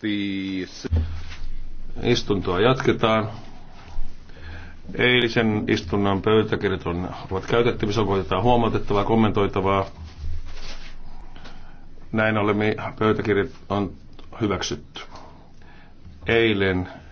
The... Istuntoa jatketaan. Eilisen istunnan pöytäkirjat on, ovat käytettävissä, onko jotain huomautettavaa, kommentoitavaa. Näin olemme pöytäkirjat on hyväksytty. Eilen